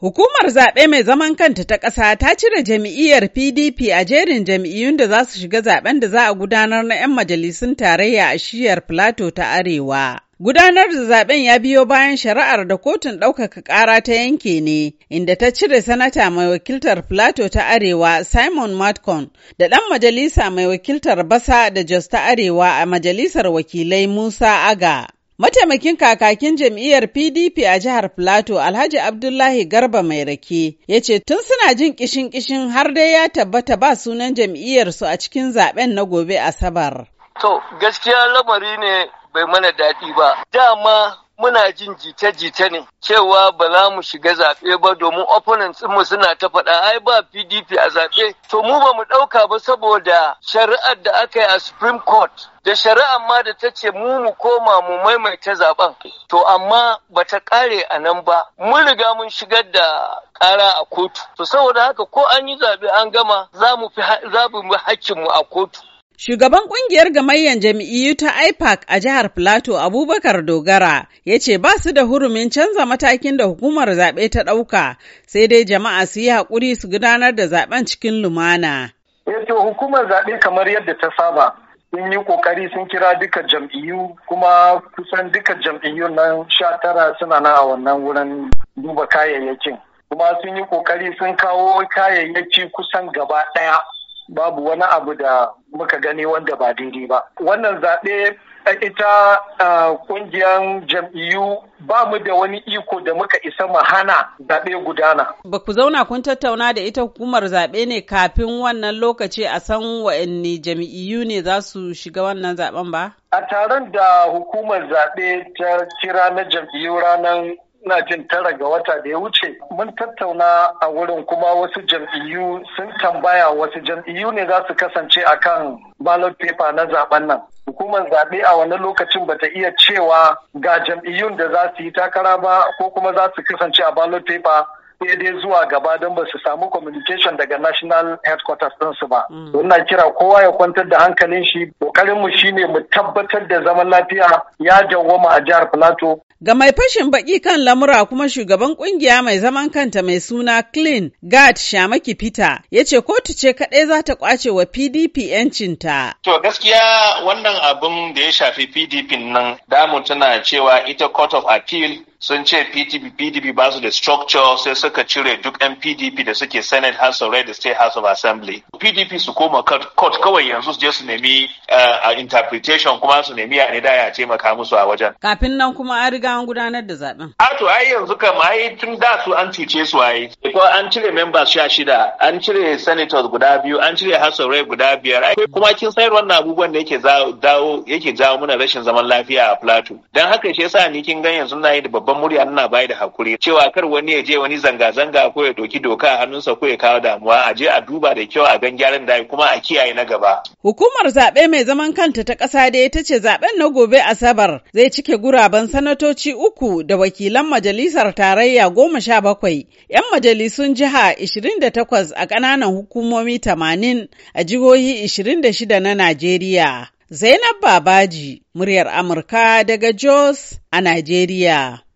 Hukumar zaɓe mai zaman kanta ta ƙasa ta cire jam'iyyar PDP a jerin jam'iyyun da za su shiga zaɓen da za a gudanar na 'yan majalisun tarayya a shiyar Plato ta Arewa. Gudanar da zaben ya biyo bayan shari'ar da kotun ɗaukaka ƙara ta yanke ne, inda ta cire sanata mai wakiltar Plato ta Arewa Simon Matcon da ɗan majalisa mai wakiltar Basa da Jos ta Arewa a majalisar wakilai Musa Aga. Mataimakin kakakin jam'iyyar PDP a jihar Filato Alhaji Abdullahi Garba mai rake ya ce tun suna jin kishin kishin har dai ya tabbata ba sunan jam'iyyarsu a cikin zaben na gobe Asabar. To gaskiya lamari ne bai mana daɗi ba. Dama muna jin jita-jita ne cewa ba za mu shiga zaɓe ba domin opponents mu suna ta faɗa ai ba PDP a zaɓe. To mu ba mu ɗauka ba saboda shari'ar da aka yi a Supreme Court da shari'ar ma da ta ce mu mu koma mu maimaita zaɓen to amma bata ƙare a nan ba mun riga mun shigar da ƙara a kotu to saboda haka ko an yi zaɓe an gama za mu fi hakkinmu a kotu Shugaban kungiyar gamayyar jam'iyyu ta IPAC a jihar Filato Abubakar Dogara ya ce ba su da hurumin canza matakin da hukumar zaɓe ta ɗauka sai dai jama'a su yi haƙuri su gudanar da zaɓen cikin lumana. Yato eh hukumar zaɓe kamar yadda ta saba sun yi ƙoƙari sun kira duka jam'iyyu kuma kusan duka jam'iyyu nan sha tara suna na a wannan wurin duba kayayyakin. Kuma sun yi ƙoƙari sun kawo kayayyaki kusan gaba ɗaya. babu wani abu da muka gani wanda ba daidai ba wannan zaɓe eh, ita kungiyar eh, jam'iyyu ba mu da wani iko da muka isa mu hana zaɓe gudana. Ba ku zauna kun tattauna da ita hukumar zaɓe ne kafin wannan lokaci a san wa'anni jam'iyyu ne za su shiga wannan zaɓen ba? A taron da hukumar zaɓe ta kira na jam'iyyu ranar na jin tara ga wata da ya wuce mun tattauna a wurin kuma wasu jam'iyyu sun tambaya wasu jam'iyyu ne za su kasance akan ballot paper na zaben nan hukumar zaɓe a wani lokacin ba ta iya cewa ga jam'iyyun da za su yi takara ba ko kuma za su kasance a ballot paper sai dai zuwa gaba don ba su samu communication daga national headquarters su ba. Ina mm. kira kowa ya kwantar da hankalin shi, mu shine mu tabbatar da zaman lafiya ya dawwama a jihar Plateau Ga mai fashin baki kan lamura kuma shugaban kungiya mai zaman kanta mai suna Clean guard Shamaki Peter ya ce kotu ce kadai za ta kwace wa PDP ‘yancinta. To gaskiya wannan abin da ya shafi PDP nan damu tana cewa ita Court of Appeal sun ce pdp pdp ba su da structure sai suka cire duk yan pdp da suke senate house of Red state house of assembly pdp su koma court kawai yanzu su je su nemi eh, a interpretation kuma su nemi a ne da taimaka musu a wajen kafin nan kuma an riga an gudanar da zaben a ah, to ai yanzu kam ai tun da su an cice su ai ko an cire members sha shida an cire senators guda biyu an cire house of guda biyar ai kuma kin sayar wannan abubuwan da yake dawo yake jawo mana rashin zaman lafiya a plateau dan haka shi yasa ni kin ga yanzu na yi da babban murya ina bayi da hakuri cewa kar wani ya je wani zanga-zanga ko ya doki doka a hannunsa ko ya kawo damuwa a je a duba da kyau a gan gyaran da kuma a kiyaye na gaba. Hukumar zaɓe mai zaman kanta ta ƙasa da ita ce zaɓen na gobe Asabar zai cike guraben sanatoci uku da wakilan majalisar tarayya goma sha bakwai, 'yan majalisun jiha 28 a ƙananan hukumomi 80 a jihohi 26 na Najeriya. Zainab Babaji, muryar Amurka daga Jos a Najeriya.